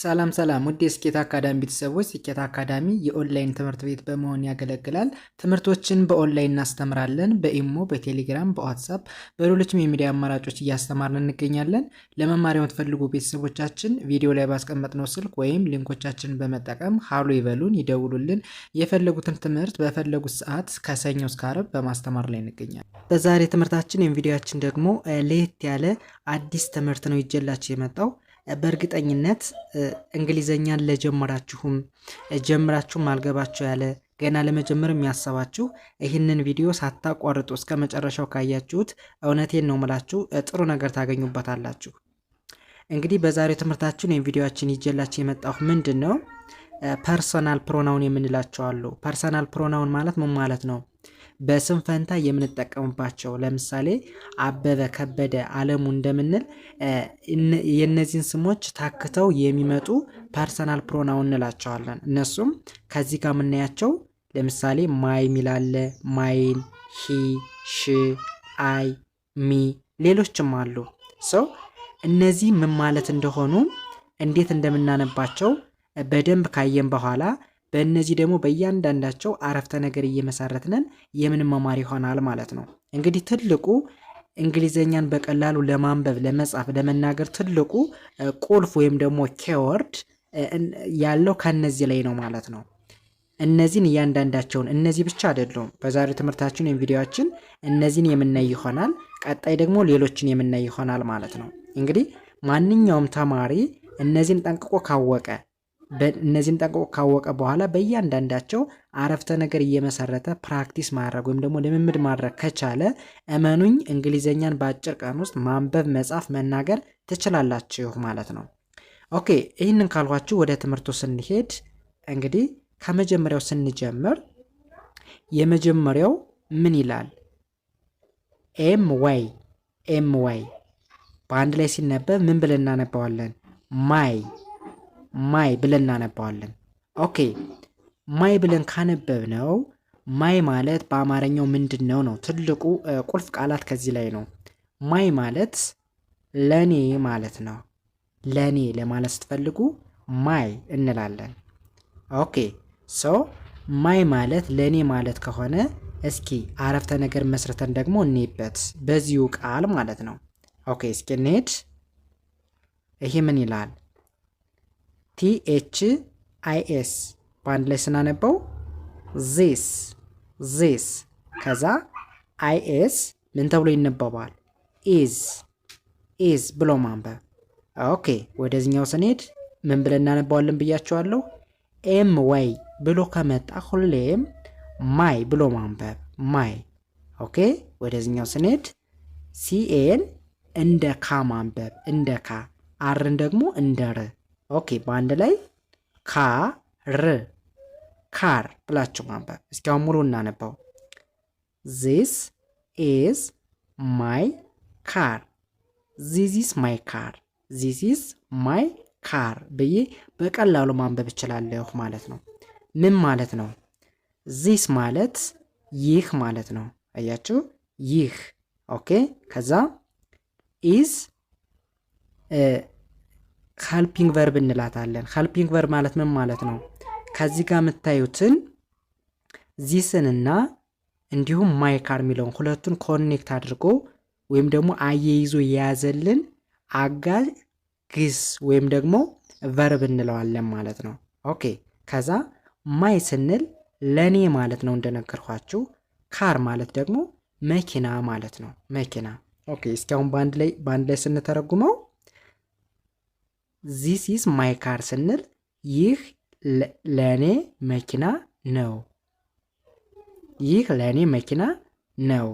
ሰላም ሰላም ውድ የስኬት አካዳሚ ቤተሰቦች፣ ስኬት አካዳሚ የኦንላይን ትምህርት ቤት በመሆን ያገለግላል። ትምህርቶችን በኦንላይን እናስተምራለን። በኢሞ፣ በቴሌግራም፣ በዋትሳፕ፣ በሌሎችም የሚዲያ አማራጮች እያስተማርን እንገኛለን። ለመማሪያ የምትፈልጉ ቤተሰቦቻችን ቪዲዮ ላይ ባስቀመጥነው ስልክ ወይም ሊንኮቻችንን በመጠቀም ሀሎ ይበሉን፣ ይደውሉልን። የፈለጉትን ትምህርት በፈለጉት ሰዓት ከሰኞ እስከ ዓርብ በማስተማር ላይ እንገኛለን። በዛሬ ትምህርታችን ወይም ቪዲዮችን ደግሞ ለየት ያለ አዲስ ትምህርት ነው ይጀላቸው የመጣው በእርግጠኝነት እንግሊዘኛን ለጀመራችሁም ጀምራችሁም አልገባችሁ ያለ ገና ለመጀመር የሚያሰባችሁ ይህንን ቪዲዮ ሳታቋርጡ እስከ መጨረሻው ካያችሁት እውነቴን ነው ምላችሁ ጥሩ ነገር ታገኙበታላችሁ። እንግዲህ በዛሬው ትምህርታችን ወይም ቪዲዮችን ይጀላችሁ የመጣሁ ምንድን ነው ፐርሰናል ፕሮናውን የምንላቸው አሉ። ፐርሰናል ፕሮናውን ማለት ምን ማለት ነው? በስም ፈንታ የምንጠቀምባቸው ለምሳሌ አበበ፣ ከበደ፣ አለሙ እንደምንል የእነዚህን ስሞች ታክተው የሚመጡ ፐርሰናል ፕሮናው እንላቸዋለን። እነሱም ከዚህ ጋር የምናያቸው ለምሳሌ ማይ ሚላለ ማይን፣ ሂ፣ ሽ፣ አይ፣ ሚ ሌሎችም አሉ። ሰው እነዚህ ምን ማለት እንደሆኑ እንዴት እንደምናነባቸው በደንብ ካየን በኋላ በእነዚህ ደግሞ በእያንዳንዳቸው አረፍተ ነገር እየመሰረትነን የምንመማር ይሆናል ማለት ነው። እንግዲህ ትልቁ እንግሊዘኛን በቀላሉ ለማንበብ ለመጻፍ፣ ለመናገር ትልቁ ቁልፍ ወይም ደግሞ ኬወርድ ያለው ከነዚህ ላይ ነው ማለት ነው። እነዚህን እያንዳንዳቸውን እነዚህ ብቻ አይደለውም በዛሬው ትምህርታችን ወይም ቪዲዮችን እነዚህን የምናይ ይሆናል። ቀጣይ ደግሞ ሌሎችን የምናይ ይሆናል ማለት ነው። እንግዲህ ማንኛውም ተማሪ እነዚህን ጠንቅቆ ካወቀ እነዚህን ጠንቅቆ ካወቀ በኋላ በእያንዳንዳቸው አረፍተ ነገር እየመሰረተ ፕራክቲስ ማድረግ ወይም ደግሞ ልምምድ ማድረግ ከቻለ እመኑኝ እንግሊዘኛን በአጭር ቀን ውስጥ ማንበብ፣ መጻፍ፣ መናገር ትችላላችሁ ማለት ነው። ኦኬ ይህንን ካልኋችሁ ወደ ትምህርቱ ስንሄድ እንግዲህ ከመጀመሪያው ስንጀምር የመጀመሪያው ምን ይላል? ኤም ዋይ ኤም ዋይ በአንድ ላይ ሲነበብ ምን ብለን እናነባዋለን? ማይ ማይ ብለን እናነባዋለን። ኦኬ ማይ ብለን ካነበብነው ማይ ማለት በአማርኛው ምንድን ነው ነው ትልቁ ቁልፍ ቃላት ከዚህ ላይ ነው። ማይ ማለት ለኔ ማለት ነው። ለኔ ለማለት ስትፈልጉ ማይ እንላለን። ኦኬ ሶ ማይ ማለት ለኔ ማለት ከሆነ እስኪ አረፍተ ነገር መስርተን ደግሞ እንይበት በዚሁ ቃል ማለት ነው። ኦኬ እስኪ እንሄድ። ይሄ ምን ይላል? ቲኤች አይኤስ በአንድ ላይ ስናነበው ዚስ ዚስ ከዛ አይኤስ ምን ተብሎ ይነበባል? ኢዝ ኢዝ ብሎ ማንበብ። ኦኬ ወደዚኛው ስንሄድ ምን ብለን እናነባዋለን ብያችኋለሁ። ኤም ዋይ ብሎ ከመጣ ሁሌም ማይ ብሎ ማንበብ ማይ። ኦኬ ወደዚኛው ስንሄድ ሲኤን እንደ ካ ማንበብ እንደ ካ፣ አርን ደግሞ እንደ ር ኦኬ በአንድ ላይ ካር ካር ብላችሁ ማንበብ። እስኪ አሁን ሙሉ እናነባው። ዚስ ኢዝ ማይ ካር ኢዝ ማይ ካር ኢዝ ማይ ካር ብዬ በቀላሉ ማንበብ እችላለሁ ማለት ነው። ምን ማለት ነው? ዚስ ማለት ይህ ማለት ነው። አያችሁ ይህ ኦኬ። ከዛ ኢዝ ሀልፒንግ ቨርብ እንላታለን። ሀልፒንግ ቨርብ ማለት ምን ማለት ነው? ከዚህ ጋር የምታዩትን ዚስንና እንዲሁም ማይ ካር የሚለውን ሁለቱን ኮኔክት አድርጎ ወይም ደግሞ አየይዞ የያዘልን አጋዥ ግስ ወይም ደግሞ ቨርብ እንለዋለን ማለት ነው። ኦኬ ከዛ ማይ ስንል ለእኔ ማለት ነው እንደነገርኳችሁ። ካር ማለት ደግሞ መኪና ማለት ነው። መኪና ኦኬ። እስኪ አሁን በአንድ ላይ በአንድ ላይ ስንተረጉመው ዚስ ኢዝ ማይ ካር ስንል ይህ ለእኔ መኪና ነው። ይህ ለእኔ መኪና ነው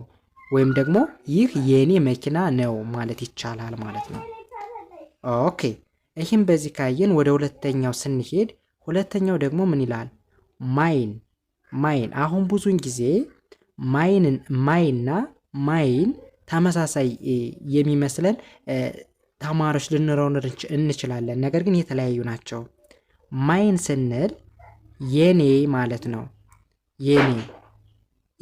ወይም ደግሞ ይህ የእኔ መኪና ነው ማለት ይቻላል ማለት ነው። ኦኬ ይህም በዚህ ካየን ወደ ሁለተኛው ስንሄድ ሁለተኛው ደግሞ ምን ይላል? ማይን ማይን። አሁን ብዙውን ጊዜ ማይንን ማይና ማይን ተመሳሳይ የሚመስለን ተማሪዎች ልንለው እንችላለን። ነገር ግን የተለያዩ ናቸው። ማይን ስንል የኔ ማለት ነው። የኔ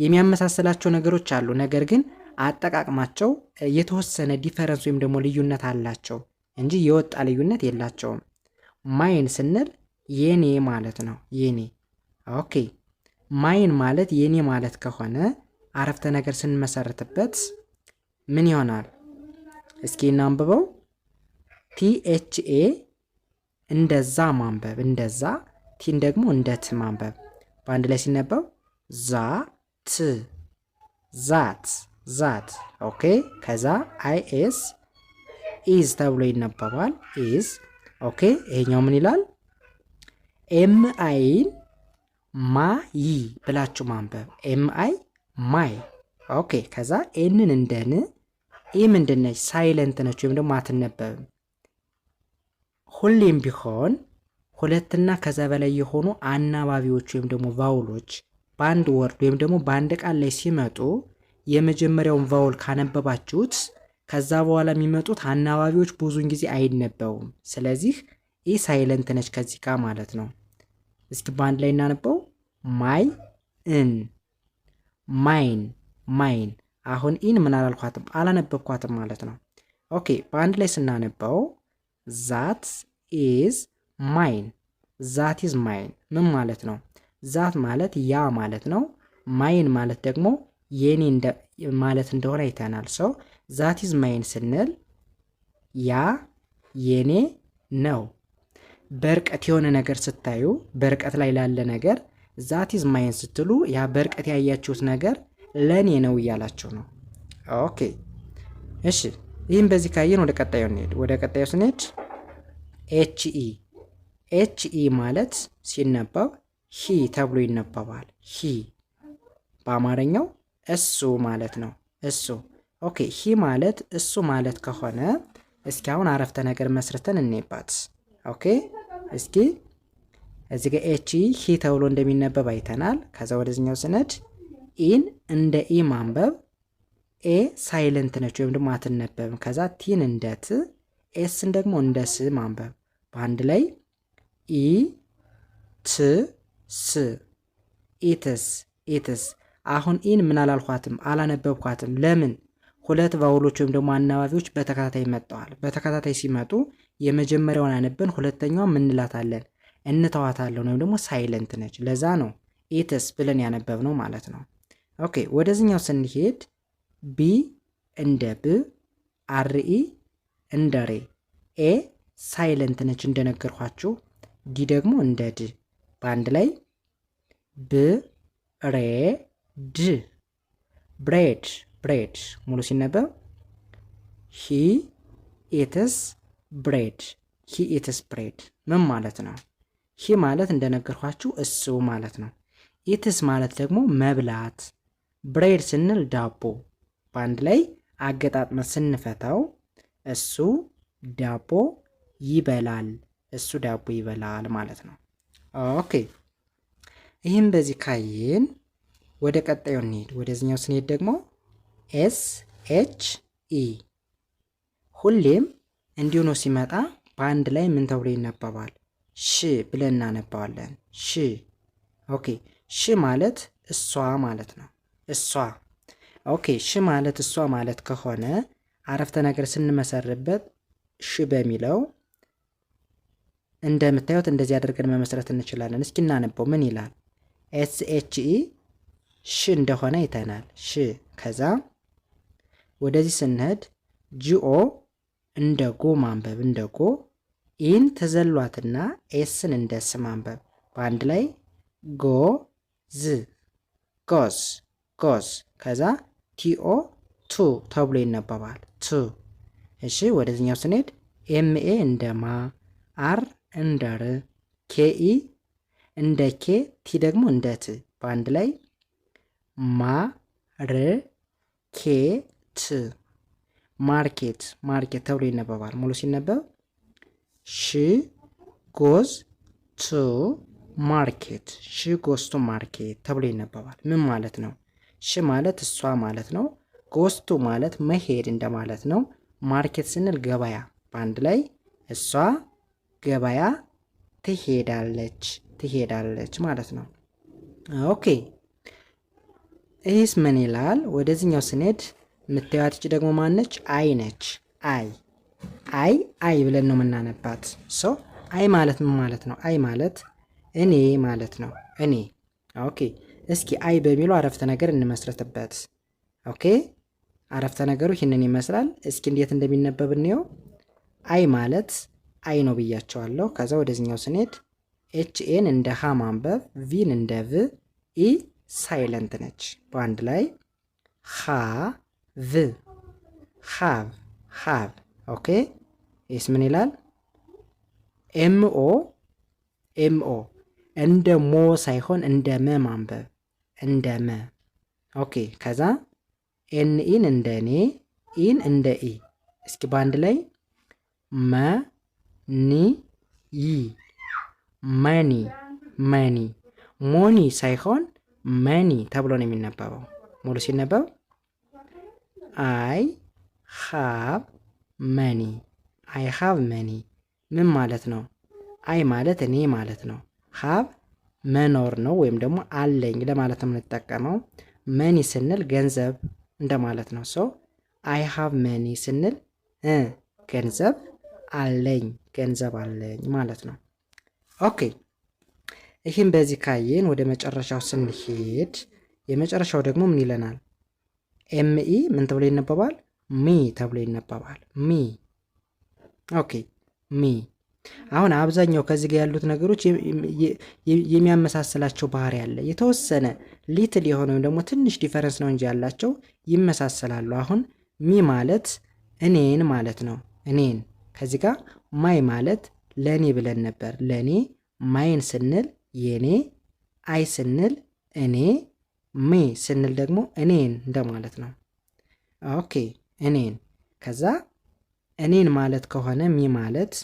የሚያመሳስላቸው ነገሮች አሉ። ነገር ግን አጠቃቅማቸው የተወሰነ ዲፈረንስ ወይም ደግሞ ልዩነት አላቸው እንጂ የወጣ ልዩነት የላቸውም። ማይን ስንል የኔ ማለት ነው። የኔ ኦኬ። ማይን ማለት የኔ ማለት ከሆነ አረፍተ ነገር ስንመሰርትበት ምን ይሆናል? እስኪ እናንብበው። ቲኤችኤ እንደዛ ማንበብ እንደዛ ቲን ደግሞ እንደ ት ማንበብ በአንድ ላይ ሲነበብ ዛ ት ዛት ዛት። ኦኬ ከዛ አይኤስ ኢዝ ተብሎ ይነበባል። ኢዝ ኦኬ። ይሄኛው ምን ይላል? ኤም አይን ማይ ብላችሁ ማንበብ ኤም አይ ማይ። ኦኬ ከዛ ኤንን እንደን ኢ ምንድነች? ሳይለንት ነች ወይም ደግሞ አትነበብም። ሁሌም ቢሆን ሁለትና ከዛ በላይ የሆኑ አናባቢዎች ወይም ደግሞ ቫውሎች በአንድ ወርድ ወይም ደግሞ በአንድ ቃል ላይ ሲመጡ የመጀመሪያውን ቫውል ካነበባችሁት ከዛ በኋላ የሚመጡት አናባቢዎች ብዙውን ጊዜ አይነበቡም። ስለዚህ ይህ ሳይለንት ነች ከዚህ ጋር ማለት ነው። እስኪ በአንድ ላይ እናነበው። ማይ እን ማይን ማይን። አሁን ኢን ምን አላልኳትም አላነበብኳትም ማለት ነው። ኦኬ በአንድ ላይ ስናነበው ዛት ኢዝ ማይን ዛት ኢዝ ማይን ምን ማለት ነው? ዛት ማለት ያ ማለት ነው። ማይን ማለት ደግሞ የኔ ማለት እንደሆነ አይተናል። ሰው ዛት ኢዝ ማይን ስንል ያ የኔ ነው። በርቀት የሆነ ነገር ስታዩ በርቀት ላይ ላለ ነገር ዛት ኢዝ ማይን ስትሉ ያ በርቀት ያያችሁት ነገር ለእኔ ነው እያላችሁ ነው። ኦኬ እሺ፣ ይህም በዚህ ካየን ወደ ቀጣዩ እንሄድ። ወደ ቀጣዩ ስንሄድ ኤች ኤች ኢ ማለት ሲነበብ ሂ ተብሎ ይነበባል። ሂ በአማርኛው እሱ ማለት ነው። እሱ ኦኬ። ሂ ማለት እሱ ማለት ከሆነ እስኪ አሁን አረፍተ ነገር መስርተን እንይባት። ኦኬ እስኪ እዚ ጋ ኤች e ሂ ተብሎ እንደሚነበብ አይተናል። ከዛ ወደዚኛው ስነድ ኢን እንደ ኢ ማንበብ ኤ ሳይለንት ነች ወይም ደግሞ አትነበብም። ከዛ ቲን እንደ ት ኤስን ደግሞ እንደ ስ ማንበብ በአንድ ላይ ኢ ት ስ ኢትስ ኢትስ። አሁን ኢን ምን አላልኳትም አላነበብኳትም። ለምን? ሁለት ቫውሎች ወይም ደግሞ አናባቢዎች በተከታታይ መጥተዋል። በተከታታይ ሲመጡ የመጀመሪያውን አነበን፣ ሁለተኛዋን ምንላታለን እንተዋታለን፣ ወይም ደግሞ ሳይለንት ነች። ለዛ ነው ኢትስ ብለን ያነበብነው ማለት ነው። ኦኬ ወደዚህኛው ስንሄድ ቢ እንደ ብ፣ አር ኢ እንደ ሬ፣ ኤ ሳይለንት ነች እንደነገርኳችሁ። ዲ ደግሞ እንደ ድ በአንድ ላይ ብ ሬ ድ ብሬድ ብሬድ ሙሉ ሲነበብ ሂ ኢትስ ብሬድ ሂ ኢትስ ብሬድ ምን ማለት ነው? ሂ ማለት እንደነገርኳችሁ እሱ ማለት ነው። ኢትስ ማለት ደግሞ መብላት፣ ብሬድ ስንል ዳቦ በአንድ ላይ አገጣጥመን ስንፈታው እሱ ዳቦ ይበላል። እሱ ዳቦ ይበላል ማለት ነው። ኦኬ ይህም በዚህ ካየን ወደ ቀጣዩ እንሄድ። ወደዚኛው ስንሄድ ደግሞ ኤስ ኤች ኢ ሁሌም እንዲሁ ነው ሲመጣ በአንድ ላይ ምን ተብሎ ይነበባል? ሺ ብለን እናነባዋለን። ሺ ኦኬ ሺ ማለት እሷ ማለት ነው። እሷ ኦኬ ሺ ማለት እሷ ማለት ከሆነ አረፍተ ነገር ስንመሰርበት ሺ በሚለው እንደምታዩት እንደዚህ አድርገን መመስረት እንችላለን። እስኪ እናነበው ምን ይላል? ኤስ ኤች ኢ ሽ እንደሆነ ይተናል። ሽ ከዛ ወደዚህ ስንሄድ ጂኦ እንደ ጎ ማንበብ እንደ ጎ ኢን ተዘሏትና ኤስን እንደ ስ ማንበብ በአንድ ላይ ጎ ዝ ጎዝ ጎስ ከዛ ቲኦ ቱ ተብሎ ይነበባል ቱ። እሺ ወደዚህኛው ስንሄድ ኤምኤ እንደ ማ አር እንደ ር ኬኢ እንደ ኬ ቲ ደግሞ እንደ ት በአንድ ላይ ማ ር ኬ ት ማርኬት ማርኬት ተብሎ ይነበባል። ሙሉ ሲነበብ ሺ ጎዝ ቱ ማርኬት ሺ ጎዝ ቱ ማርኬት ተብሎ ይነበባል። ምን ማለት ነው? ሺ ማለት እሷ ማለት ነው። ጎስቱ ማለት መሄድ እንደማለት ነው። ማርኬት ስንል ገበያ በአንድ ላይ እሷ ገበያ ትሄዳለች ትሄዳለች ማለት ነው። ኦኬ ይህስ ምን ይላል? ወደዚህኛው ስንሄድ የምታዩት እች ደግሞ ማነች? አይ ነች። አይ አይ አይ ብለን ነው የምናነባት። ሶ አይ ማለት ምን ማለት ነው? አይ ማለት እኔ ማለት ነው። እኔ ኦኬ። እስኪ አይ በሚለው አረፍተ ነገር እንመስረትበት። ኦኬ አረፍተ ነገሩ ይህንን ይመስላል። እስኪ እንዴት እንደሚነበብ እንየው። አይ ማለት አይ ነው ብያቸዋለሁ። ከዛ ወደዚኛው ስንሄድ ኤች ኤን እንደ ሀ ማንበብ፣ ቪን እንደ ቭ፣ ኢ ሳይለንት ነች። በአንድ ላይ ሃ ቭ ሃቭ ሃቭ። ኦኬ ይስ ምን ይላል? ኤምኦ ኤምኦ እንደ ሞ ሳይሆን እንደ መ ማንበብ እንደ መ። ኦኬ ከዛ ኤን ኢን እንደ ኔ፣ ኢን እንደ ኢ። እስኪ በአንድ ላይ መ ኒ ይ መኒ መኒ ሞኒ ሳይሆን መኒ ተብሎ ነው የሚነበበው። ሙሉ ሲነበብ አይ ሃብ መኒ አይ ሃብ መኒ ምን ማለት ነው? አይ ማለት እኔ ማለት ነው። ሃብ መኖር ነው ወይም ደግሞ አለኝ ለማለት ነው የምንጠቀመው። መኒ ስንል ገንዘብ እንደማለት ነው። ሰው አይ ሃብ መኒ ስንል ገንዘብ አለኝ ገንዘብ አለኝ ማለት ነው። ኦኬ ይህም በዚህ ካየን ወደ መጨረሻው ስንሄድ የመጨረሻው ደግሞ ምን ይለናል? ኤምኢ ምን ተብሎ ይነበባል? ሚ ተብሎ ይነበባል። ሚ ኦኬ ሚ አሁን አብዛኛው ከዚህ ጋር ያሉት ነገሮች የሚያመሳስላቸው ባህሪ አለ። የተወሰነ ሊትል የሆነ ወይም ደግሞ ትንሽ ዲፈረንስ ነው እንጂ ያላቸው ይመሳሰላሉ። አሁን ሚ ማለት እኔን ማለት ነው። እኔን ከዚህ ጋር ማይ ማለት ለኔ ብለን ነበር። ለኔ ማይን ስንል የኔ፣ አይ ስንል እኔ፣ ሜ ስንል ደግሞ እኔን እንደማለት ነው። ኦኬ እኔን። ከዛ እኔን ማለት ከሆነ ሚ ማለት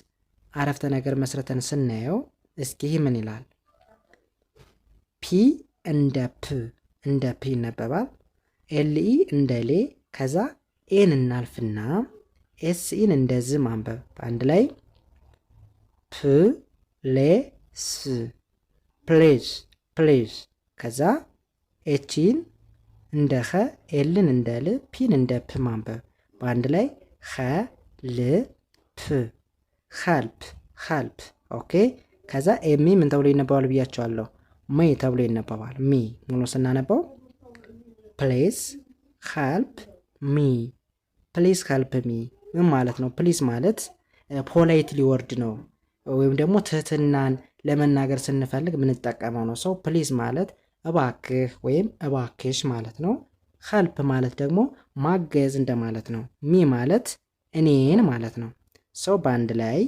አረፍተ ነገር መስረተን ስናየው እስኪ ምን ይላል? ፒ እንደ ፕ እንደ ፒ ይነበባል። ኤልኢ እንደ ሌ ከዛ ኤን እናልፍና ኤስኢን እንደዚህ ማንበብ በአንድ ላይ ፕሌስ ፕሌስ ፕሌስ ከዛ ኤችን እንደ ኸ ኤልን እንደ ል ፒን እንደ ፕ ማንበብ በአንድ ላይ ኸ ል ፕ ልፕ ኸልፕ። ኦኬ ከዛ ኤሚ ምን ተብሎ ይነበባል ብያቸዋለሁ። ሚ ተብሎ ይነበባል። ሚ ሙሉ ስናነበው ፕሌስ ኸልፕ ሚ ፕሌስ ኸልፕ ሚ ምን ማለት ነው? ፕሊስ ማለት ፖላይት ሊወርድ ነው ወይም ደግሞ ትህትናን ለመናገር ስንፈልግ የምንጠቀመው ነው። ሰው ፕሊዝ ማለት እባክህ ወይም እባክሽ ማለት ነው። ሀልፕ ማለት ደግሞ ማገዝ እንደማለት ነው። ሚ ማለት እኔን ማለት ነው። ሰው በአንድ ላይ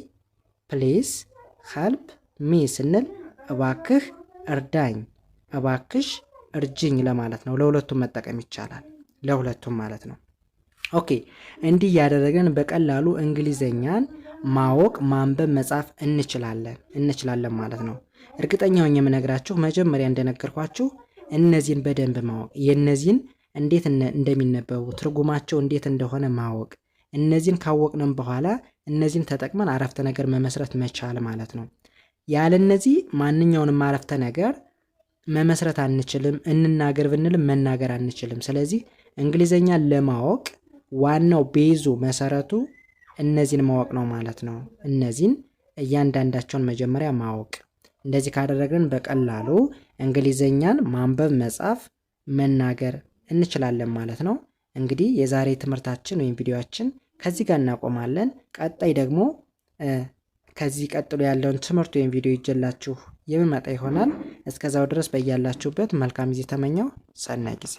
ፕሊዝ ሀልፕ ሚ ስንል እባክህ እርዳኝ፣ እባክሽ እርጅኝ ለማለት ነው። ለሁለቱም መጠቀም ይቻላል። ለሁለቱም ማለት ነው። ኦኬ እንዲህ እያደረግን በቀላሉ እንግሊዘኛን ማወቅ ማንበብ መጻፍ እንችላለን እንችላለን ማለት ነው። እርግጠኛ ሆኜ የምነግራችሁ መጀመሪያ እንደነገርኳችሁ እነዚህን በደንብ ማወቅ የእነዚህን እንዴት እንደሚነበቡ ትርጉማቸው እንዴት እንደሆነ ማወቅ እነዚህን ካወቅንም በኋላ እነዚህን ተጠቅመን አረፍተ ነገር መመስረት መቻል ማለት ነው። ያለ እነዚህ ማንኛውንም አረፍተ ነገር መመስረት አንችልም። እንናገር ብንልም መናገር አንችልም። ስለዚህ እንግሊዘኛን ለማወቅ ዋናው ቤዙ መሰረቱ እነዚህን ማወቅ ነው ማለት ነው። እነዚህን እያንዳንዳቸውን መጀመሪያ ማወቅ። እንደዚህ ካደረግን በቀላሉ እንግሊዘኛን ማንበብ፣ መጻፍ፣ መናገር እንችላለን ማለት ነው። እንግዲህ የዛሬ ትምህርታችን ወይም ቪዲዮችን ከዚህ ጋር እናቆማለን። ቀጣይ ደግሞ ከዚህ ቀጥሎ ያለውን ትምህርት ወይም ቪዲዮ ይጀላችሁ የምመጣ ይሆናል። እስከዛው ድረስ በያላችሁበት መልካም ጊዜ ተመኘው። ጸና ጊዜ